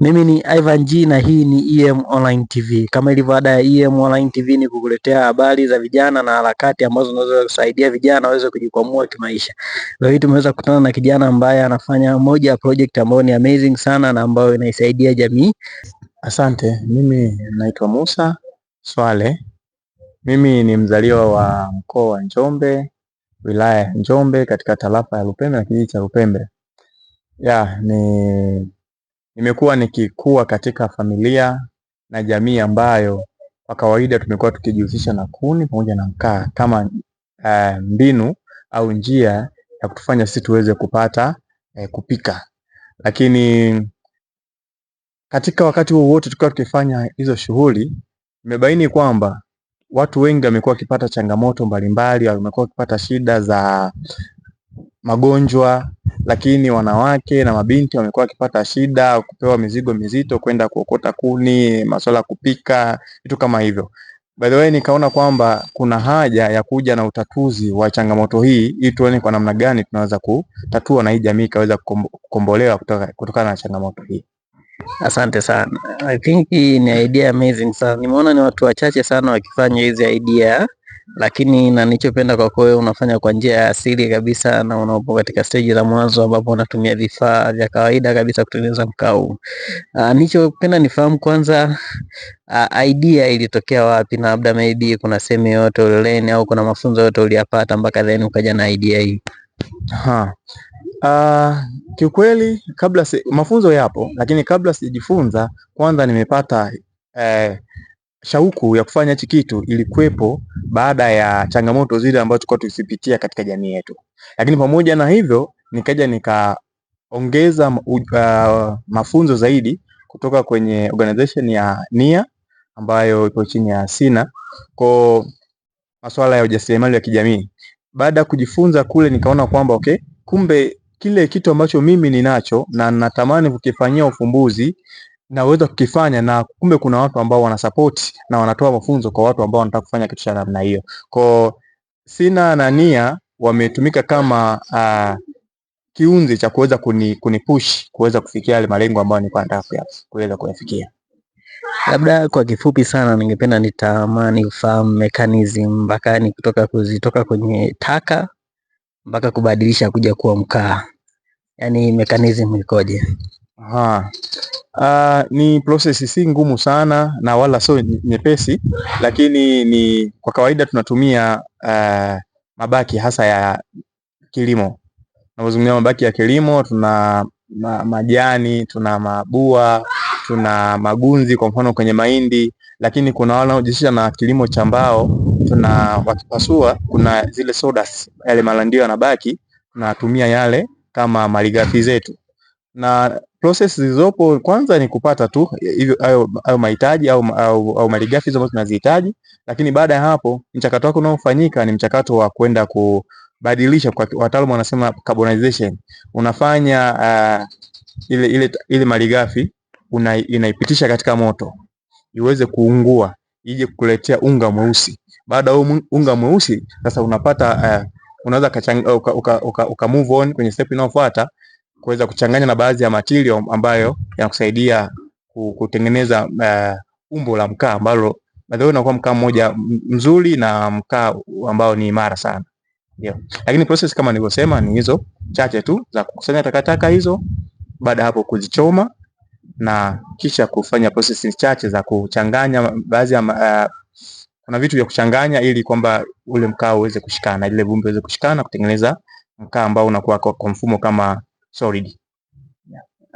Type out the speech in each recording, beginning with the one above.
Mimi ni Ivan G na hii ni EM Online TV. Kama ilivyo ada ya EM Online TV ni kukuletea habari za vijana na harakati ambazo zinaweza kusaidia vijana waweze kujikwamua kimaisha. Leo hii tumeweza kukutana na kijana ambaye anafanya moja ya project ambayo ni amazing sana na ambayo inaisaidia jamii. Asante, mimi naitwa Musa Swale. Mimi ni mzaliwa wa mkoa wa Njombe, wilaya ya Njombe katika tarafa ya Lupembe na kijiji cha Lupembe. Ya, ni Nimekuwa nikikua katika familia na jamii ambayo kwa kawaida tumekuwa tukijihusisha na kuni pamoja na mkaa kama uh, mbinu au njia ya kutufanya sisi tuweze kupata uh, kupika, lakini katika wakati huo wote tukiwa tukifanya hizo shughuli, nimebaini kwamba watu wengi wamekuwa wakipata changamoto mbalimbali, wamekuwa wakipata shida za magonjwa, lakini wanawake na mabinti wamekuwa wakipata shida kupewa mizigo mizito kwenda kuokota kuni, masuala ya kupika, vitu kama hivyo. By the way, nikaona kwamba kuna haja ya kuja na utatuzi wa changamoto hii ili tuone kwa namna gani tunaweza kutatua na hii jamii ikaweza kukombolewa kutokana na changamoto hii. Asante sana. I think ni idea amazing sana. Nimeona ni watu wachache sana wakifanya hizi idea lakini na nichopenda kwako wewe unafanya kwa njia ya asili kabisa, na unaopo katika stage la mwanzo ambapo unatumia vifaa vya kawaida kabisa kutengeneza mkaa huu. Uh, nichopenda nifahamu kwanza, uh, idea ilitokea wapi, na labda maybe kuna sehemu yoyote ulilearn au kuna mafunzo yote uliyapata mpaka then ukaja na idea hii? Ha. Uh, kiukweli kabla si, mafunzo yapo, lakini kabla sijifunza kwanza nimepata eh, shauku ya kufanya hichi kitu ilikuwepo baada ya changamoto zile ambazo tulikuwa tuzipitia katika jamii yetu, lakini pamoja na hivyo nikaja nikaongeza uh, mafunzo zaidi kutoka kwenye organization ya NIA ambayo ipo chini ya SINA kwa masuala ya ujasiriamali wa kijamii. Baada ya kujifunza kule, nikaona kwamba okay, kumbe kile kitu ambacho mimi ninacho na natamani kukifanyia ufumbuzi naweza kukifanya na kumbe kuna watu ambao wanasapoti na wanatoa mafunzo kwa watu ambao wanataka kufanya kitu cha namna hiyo. Kwa Sina na Nia wametumika kama uh, kiunzi cha kuweza kuni, push kuweza kufikia yale malengo ambayo nilikuwa nataka kuweza kuyafikia. Labda kwa kifupi sana, ningependa nitamani ufahamu mechanism mpaka ni kutoka kuzitoka kwenye taka mpaka kubadilisha kuja kuwa mkaa, yaani mechanism ikoje? Ha. Uh, ah, ni prosesi si ngumu sana na wala sio nyepesi, lakini ni kwa kawaida tunatumia uh, mabaki hasa ya kilimo. Tunapozungumzia mabaki ya kilimo, tuna ma majani, tuna mabua, tuna magunzi kwa mfano kwenye mahindi, lakini kuna wale wanaojihusisha na kilimo cha mbao, tuna wakipasua, kuna zile sodas, yale malandio yanabaki, tunatumia yale kama malighafi zetu na process zilizopo kwanza ni kupata tu hivyo hayo mahitaji au, au, au malighafi hizo ambazo tunazihitaji, lakini baada ya hapo mchakato wako unaofanyika ni mchakato wa kwenda kubadilisha, kwa wataalamu wanasema carbonization. Unafanya uh, ile, ile, ile malighafi inaipitisha katika moto iweze kuungua ije kukuletea unga mweusi. Baada ya unga mweusi sasa unapata uh, unaweza uka, uka, uka, uka move on kwenye step inayofuata kuweza kuchanganya na baadhi ya material ambayo yanakusaidia kutengeneza uh, umbo la mkaa ambalo baadaye unakuwa mkaa mmoja mzuri na mkaa ambao ni imara sana. Ndio. Lakini process kama nilivyosema ni hizo chache tu za kukusanya takataka hizo, baada hapo kuzichoma na kisha kufanya processes chache za kuchanganya baadhi ya uh, kuna vitu vya kuchanganya ili kwamba ule mkaa uweze kushikana, ile vumbi iweze kushikana kutengeneza mkaa ambao unakuwa kwa mfumo kama solid.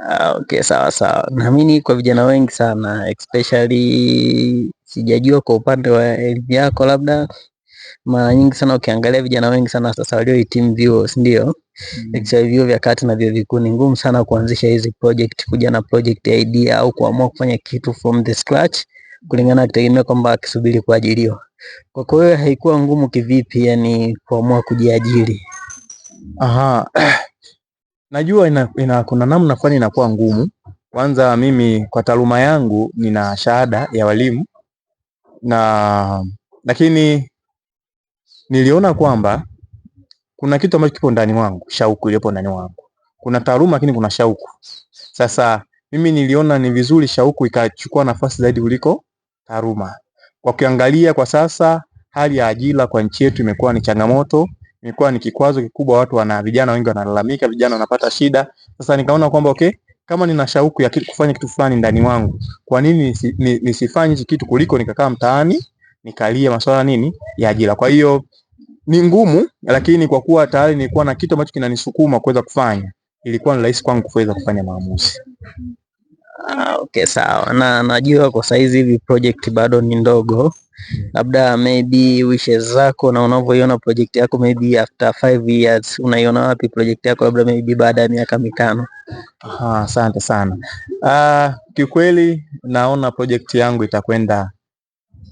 Ah, okay, sawa sawa. Naamini kwa vijana wengi sana especially, sijajua kwa upande wa elimu yako, labda mara nyingi sana ukiangalia vijana wengi sana sasa waliohitimu vyuo, si ndio? Mm. Actually vyuo vya kati na vyuo vikuu ni ngumu sana kuanzisha hizi project, kuja na project idea au kuamua kufanya kitu from the scratch kulingana kitegemea kwamba akisubiri kuajiriwa. Kwa kweli haikuwa ngumu kivipi, yani kuamua kujiajiri? Aha. Najua ina, ina, kuna namna fulani inakuwa ngumu. Kwanza mimi kwa taaluma yangu nina shahada ya walimu na lakini niliona kwamba kuna kitu ambacho kipo ndani wangu, shauku iliyopo ndani wangu. Kuna taaluma lakini kuna shauku. Sasa mimi niliona ni vizuri shauku ikachukua nafasi zaidi kuliko taaluma. Kwa kuangalia kwa sasa hali ya ajira kwa nchi yetu imekuwa ni changamoto imekuwa ni kikwazo kikubwa, watu wana vijana wengi wanalalamika, vijana wanapata shida. Sasa nikaona kwamba okay, kama nina shauku ya kufanya kitu fulani ndani wangu, kwa nini nisifanye hichi kitu kuliko nikakaa mtaani nikalia masuala nini ya ajira. Kwa hiyo ni ngumu, lakini kwa kuwa tayari nilikuwa na kitu ambacho kinanisukuma kuweza kufanya, ilikuwa ni rahisi kwangu kuweza kufanya maamuzi. Ah, okay, sawa. Na najua kwa saizi hivi project bado ni ndogo, labda maybe wishes zako na unavyoiona project yako, maybe after five years unaiona wapi project yako, labda maybe baada ya miaka mitano? Aha, asante sana. Uh, kiukweli naona project yangu itakwenda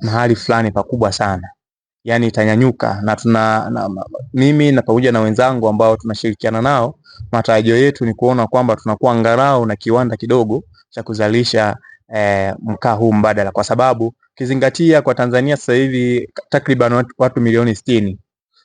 mahali fulani pakubwa sana, yaani itanyanyuka na tuna na, mimi na pamoja na wenzangu ambao tunashirikiana nao, matarajio yetu ni kuona kwamba tunakuwa ngarau na kiwanda kidogo cha kuzalisha e, mkaa huu mbadala, kwa sababu kizingatia kwa Tanzania sasa hivi takriban watu, watu milioni sitini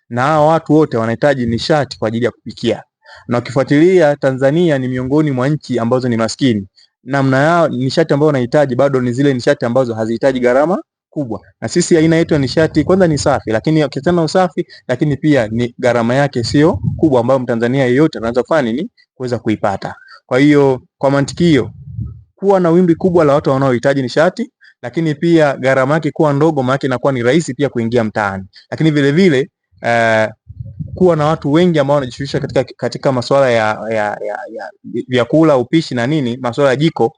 na hawa watu wote wanahitaji nishati kwa ajili ya kupikia, na ukifuatilia Tanzania ni miongoni mwa nchi ambazo ni maskini namna yao nishati ambayo wanahitaji bado ni zile nishati ambazo hazihitaji gharama kubwa, na sisi aina yetu ya nishati kwanza ni safi, lakini ukitana usafi, lakini pia ni gharama yake sio kubwa, ambayo mtanzania yeyote anaweza kufanya nini kuweza kuipata. Kwa hiyo kwa mantiki hiyo kuwa na wimbi kubwa la watu wanaohitaji nishati, lakini pia gharama yake kuwa ndogo, maana inakuwa ni rahisi pia kuingia mtaani, lakini vile vile uh, kuwa na watu wengi ambao wanajishughulisha katika, katika masuala ya, ya, ya, ya vyakula, upishi na nini, masuala ya jiko,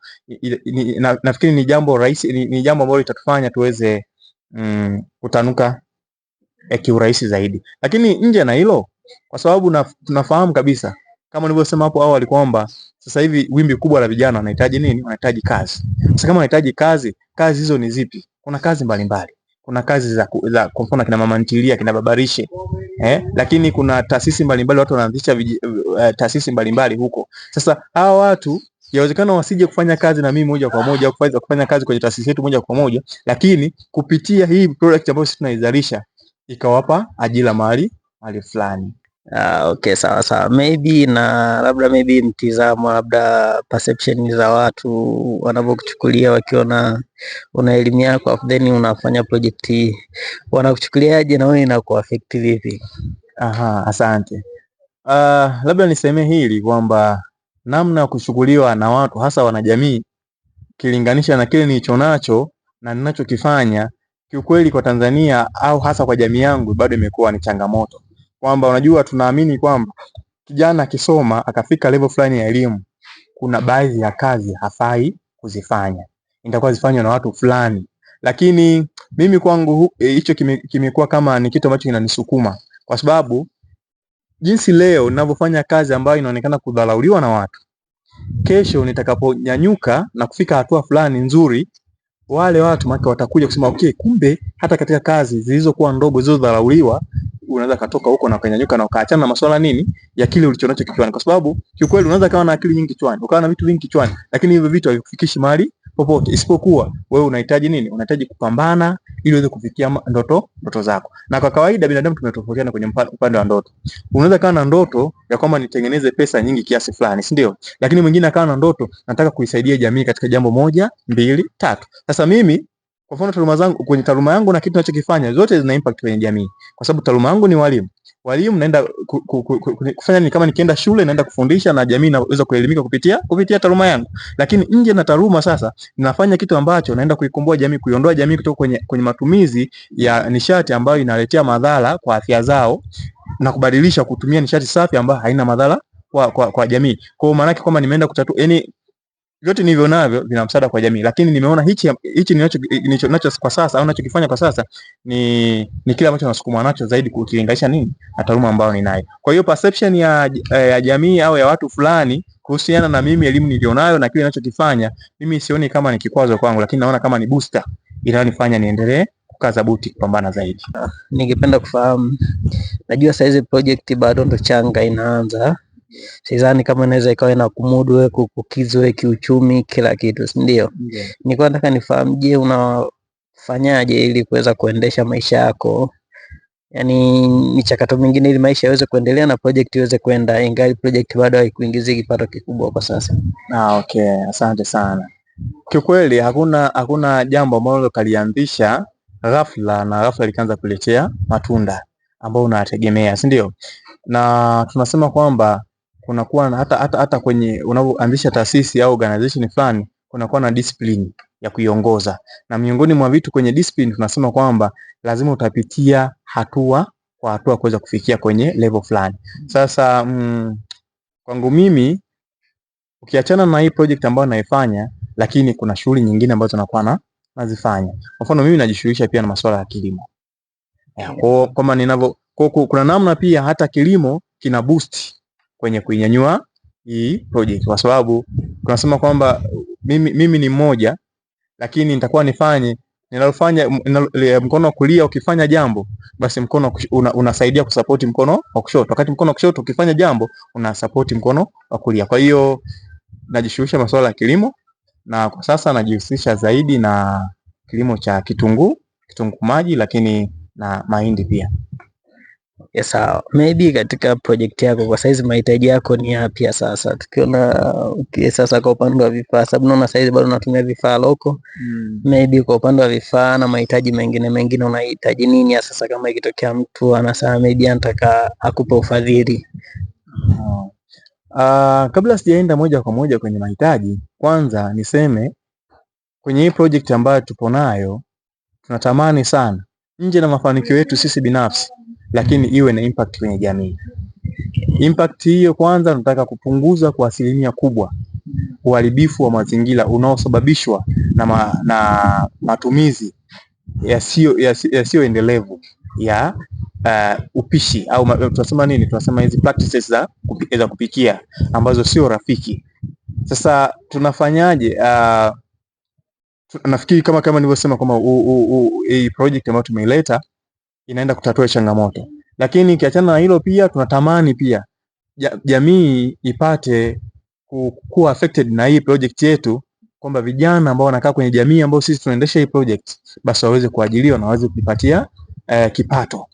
nafikiri ni jambo rahisi, ni, ni jambo ambalo litatufanya tuweze mm, kutanuka eh, kiurahisi zaidi, lakini nje na hilo, kwa sababu tunafahamu kabisa kama nilivyosema hapo awali kwamba sasa hivi wimbi kubwa la vijana wanahitaji nini? Wanahitaji kazi. Sasa kama wanahitaji kazi, kazi hizo ni zipi? Kuna kazi mbalimbali mbali. Kuna kazi za, za kwa mfano kina mama ntilia, kina babarishe eh, lakini kuna taasisi mbalimbali watu wanaanzisha uh, taasisi mbalimbali huko. Sasa hawa watu yawezekana wasije kufanya kazi na mimi moja kwa moja, au kufanya, kufanya kazi kwenye taasisi yetu moja kwa moja, lakini kupitia hii product ambayo sisi tunaizalisha ikawapa ajira mahali mahali fulani. Uh, okay, sawa sawa, maybe na labda maybe mtizamo labda perception za watu wanavyokuchukulia wakiona una elimu yako then unafanya project hii wanakuchukuliaje na wewe inakuaffect vipi? Aha, asante. Uh, labda niseme hili kwamba namna ya kuchukuliwa na watu hasa wanajamii kilinganisha na kile nilicho nacho na ninachokifanya kiukweli, kwa Tanzania au hasa kwa jamii yangu bado imekuwa ni changamoto kwamba unajua, tunaamini kwamba kijana akisoma akafika level fulani ya elimu, kuna baadhi ya kazi hafai kuzifanya, itakuwa zifanywe na watu fulani. Lakini mimi kwangu eh, hicho e, kimekuwa kama ni kitu ambacho kinanisukuma kwa sababu jinsi leo ninavyofanya kazi ambayo inaonekana kudharauliwa na watu, kesho nitakaponyanyuka na kufika hatua fulani nzuri, wale watu maka watakuja kusema okay, kumbe hata katika kazi zilizokuwa ndogo zilizodharauliwa unaweza katoka huko na ukanyanyuka na ukaachana na masuala nini ya kile ulichonacho kichwani, kwa sababu kiukweli unaweza kawa na akili nyingi kichwani, ukawa na vitu vingi kichwani, lakini hivyo vitu havikufikishi mahali popote, isipokuwa wewe unahitaji nini? Unahitaji kupambana ili uweze kufikia ndoto ndoto zako. Na kwa kawaida binadamu tumetofautiana kwenye upande wa ndoto. Unaweza kawa na ndoto ya kwamba nitengeneze pesa nyingi kiasi fulani, si ndio? Lakini mwingine akawa na ndoto nataka kuisaidia jamii katika jambo moja, mbili, tatu. Sasa mimi kwa mfano taaluma zangu, kwenye taaluma yangu na kitu ninachokifanya zote zina impact kwenye jamii, kwa sababu taaluma yangu ni walimu. Walimu naenda kufanya ni kama nikienda shule naenda kufundisha na jamii inaweza kuelimika kupitia kupitia taaluma yangu, lakini nje na taaluma sasa ninafanya kitu ambacho naenda kuikomboa jamii, kuiondoa jamii kutoka kwenye, kwenye matumizi ya nishati ambayo inaletea madhara kwa afya zao na kubadilisha kutumia nishati safi ambayo haina madhara kwa, kwa, kwa jamii. Kwa hiyo maana yake kwamba nimeenda kutatua yani vyote nilivyo navyo vina msaada kwa jamii, lakini nimeona hichi hichi ninacho nacho kwa sasa au ninachokifanya kwa sasa ni ni kile ambacho nasukuma nacho zaidi kukilinganisha nini na taaluma ambayo ninayo. Kwa hiyo perception ya, eh, ya jamii au ya watu fulani kuhusiana na mimi, elimu nilionayo na kile ninachokifanya, mimi sioni kama ni kikwazo kwangu, lakini naona kama ni booster inayonifanya niendelee kukaza buti kupambana zaidi. Ningependa kufahamu, najua saizi project bado ndo changa inaanza sidhani kama inaweza ikawa kumudu wewe kukukizwe kiuchumi kila kitu, si ndio? Yeah. Nilikuwa nataka nifahamu, je, unafanyaje ili kuweza kuendesha maisha yako, yaani michakato mingine ili maisha yaweze kuendelea na project iweze kwenda, ingali project bado haikuingizi kipato kikubwa kwa sasa? Ah, okay, asante sana. Kiukweli hakuna hakuna jambo ambalo kalianzisha ghafla na ghafla likaanza kuletea matunda ambayo unategemea, si ndio? Na tunasema kwamba kunakuwa na hata, hata, hata kwenye unavyoanzisha taasisi au organization fulani kunakuwa na discipline ya kuiongoza, na miongoni mwa vitu kwenye discipline tunasema kwamba lazima utapitia hatua kwa hatua kuweza kufikia kwenye level fulani. Sasa mm, kwangu mimi ukiachana na hii project ambayo naifanya, lakini kuna shughuli nyingine ambazo nakuwa na nazifanya. Kwa mfano mimi najishughulisha pia na masuala ya kilimo. Eh, kwa kama ninavyo kuna namna pia hata kilimo kina boost kwenye kuinyanyua hii project, kwa sababu tunasema kwamba mimi, mimi ni mmoja lakini nitakuwa nifanye ninalofanya mkono wa kulia ukifanya jambo basi mkono una, unasaidia kusapoti mkono wa kushoto, wakati mkono wa kushoto ukifanya jambo unasapoti mkono wa kulia. Kwa hiyo najishughulisha masuala ya kilimo na kwa sasa najihusisha zaidi na kilimo cha kitunguu, kitunguu maji, lakini na mahindi pia sawa. Maybe katika project yako kwa saizi mahitaji yako ni yapi ya sasa? Tukiona okay, sasa kwa upande wa vifaa, sababu naona saizi bado unatumia vifaa loko mm. Maybe kwa upande wa vifaa na mahitaji mengine mengine, unahitaji nini ya sasa? Kama ikitokea mtu anasema maybe anataka akupe ufadhili mm. Uh, kabla sijaenda moja kwa moja kwenye mahitaji, kwanza niseme kwenye hii project ambayo tupo nayo tunatamani sana nje na mafanikio yetu sisi binafsi lakini iwe na impact kwenye jamii. Impact hiyo kwanza, tunataka kupunguza kwa asilimia kubwa uharibifu wa mazingira unaosababishwa na, ma, na matumizi yasiyoendelevu ya, ya uh, upishi au tunasema nini, tunasema hizi practices za, za kupikia ambazo sio rafiki. Sasa tunafanyaje? Uh, nafikiri kama kama nilivyosema kwamba hii project ambayo tumeileta inaenda kutatua changamoto. Lakini kiachana na hilo, pia tunatamani pia jamii ipate kuwa affected na hii project yetu, kwamba vijana ambao wanakaa kwenye jamii ambao sisi tunaendesha hii project, basi waweze kuajiliwa na waweze kujipatia eh, kipato.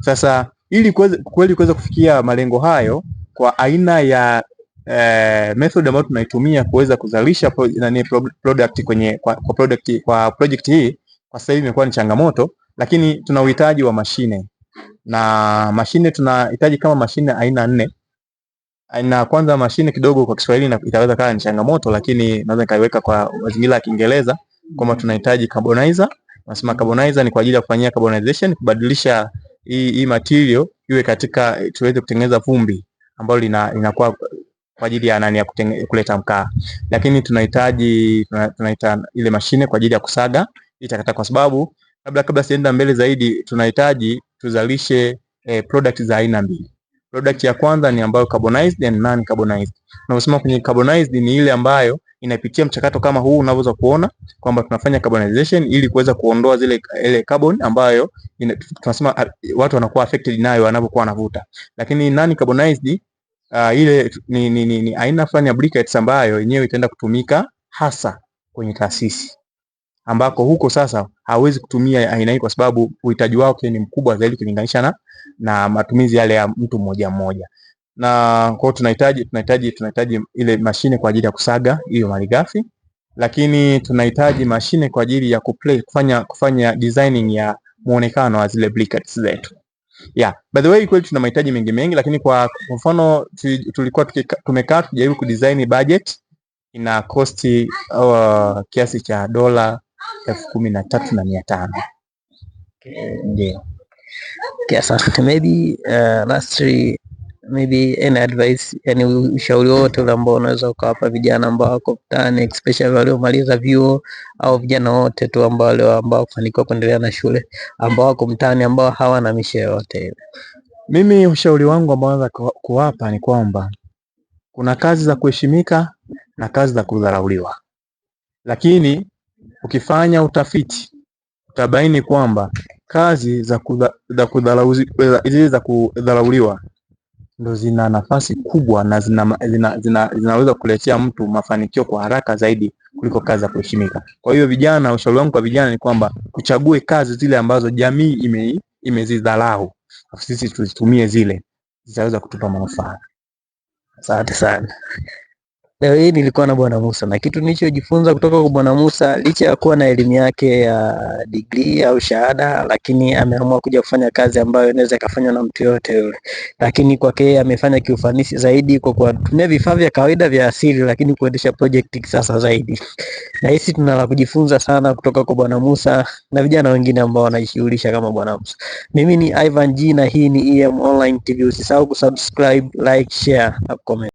Sasa ili kweli kuweza kufikia malengo hayo kwa aina ya eh, method ambayo tunaitumia kuweza kuzalisha pro, nani, product kwenye, kwa, kwa, product, kwa project hii kwa sasa hivi imekuwa ni changamoto lakini tuna uhitaji wa mashine na mashine tunahitaji kama mashine aina nne. Aina kwanza mashine kidogo kwa Kiswahili itaweza kaa ni changamoto, lakini naweza nikaiweka kwa mazingira ya Kiingereza kwamba tunahitaji carbonizer. Nasema carbonizer ni kwa ajili ya kufanyia carbonization, kubadilisha hii hii material iwe katika tuweze kutengeneza vumbi ambalo linakuwa kwa ajili ya nani ya kuleta mkaa. Lakini tunahitaji tunaita ile mashine kwa ajili ya kusaga itakata kwa sababu Kabla kabla sienda mbele zaidi, tunahitaji tuzalishe eh, product za aina mbili. Product ya kwanza ni ambayo carbonized and non carbonized. Tunasema kwenye carbonized ni ile ambayo inapitia mchakato kama huu unavyoweza kuona kwamba tunafanya carbonization ili kuweza kuondoa zile ile carbon ambayo ina, tunasema ah, watu wanakuwa affected nayo wanapokuwa wanavuta. Lakini non carbonized uh, ah, ile ni, ni, ni, ni aina fulani ya briquettes ambayo yenyewe itaenda kutumika hasa kwenye taasisi ambako huko sasa hawezi kutumia aina hii kwa sababu uhitaji wake ni mkubwa zaidi kulinganisha na, na matumizi yale ya mtu mmoja mmoja na kwa tunahitaji tunahitaji tunahitaji ile mashine kwa ajili ya kusaga hiyo malighafi, lakini tunahitaji mashine kwa ajili ya kuplay, kufanya kufanya designing ya muonekano wa zile briquettes zetu. Yeah, by the way kweli tuna mahitaji mengi mengi, lakini kwa mfano tulikuwa tumekaa tujaribu kudesign budget ina costi uh, kiasi cha dola elfu kumi na tatu na mia tano ndio Maybe uh, lastly maybe any advice, yani ushauri wote ule ambao unaweza ukawapa vijana ambao wako mtaani especially waliomaliza vyuo au vijana wote tu ambao wale ambao kufanikiwa kuendelea na shule ambao wako mtaani ambao hawana mishe yote Mimi ushauri wangu ambao naweza kuwapa ni kwamba kuna kazi za kuheshimika na kazi za kudharauliwa, lakini Ukifanya utafiti utabaini kwamba kazi za kudharauliwa ndo zina nafasi kubwa na zinaweza zina, zina, zina kuletea mtu mafanikio kwa haraka zaidi kuliko kazi za kuheshimika. Kwa hiyo vijana, ushauri wangu kwa vijana ni kwamba tuchague kazi zile ambazo jamii ime, imezidharau, sisi tuzitumie zile zitaweza kutupa manufaa. Asante sana. Leo hii nilikuwa na Bwana Musa na kitu nilichojifunza kutoka kwa Bwana Musa, licha ya kuwa na elimu yake ya degree au shahada, lakini ameamua kuja kufanya kazi ambayo inaweza ikafanywa na mtu yoyote yule, lakini kwake yeye amefanya kiufanisi zaidi kwa kutumia vifaa vya kawaida vya asili, lakini kuendesha project kisasa zaidi. hisi tuna la kujifunza sana kutoka kwa Bwana Musa na vijana wengine ambao wanajishughulisha kama Bwana Musa. Mimi ni Ivan G na hii ni EM Online TV. Usisahau kusubscribe, like, share na comment.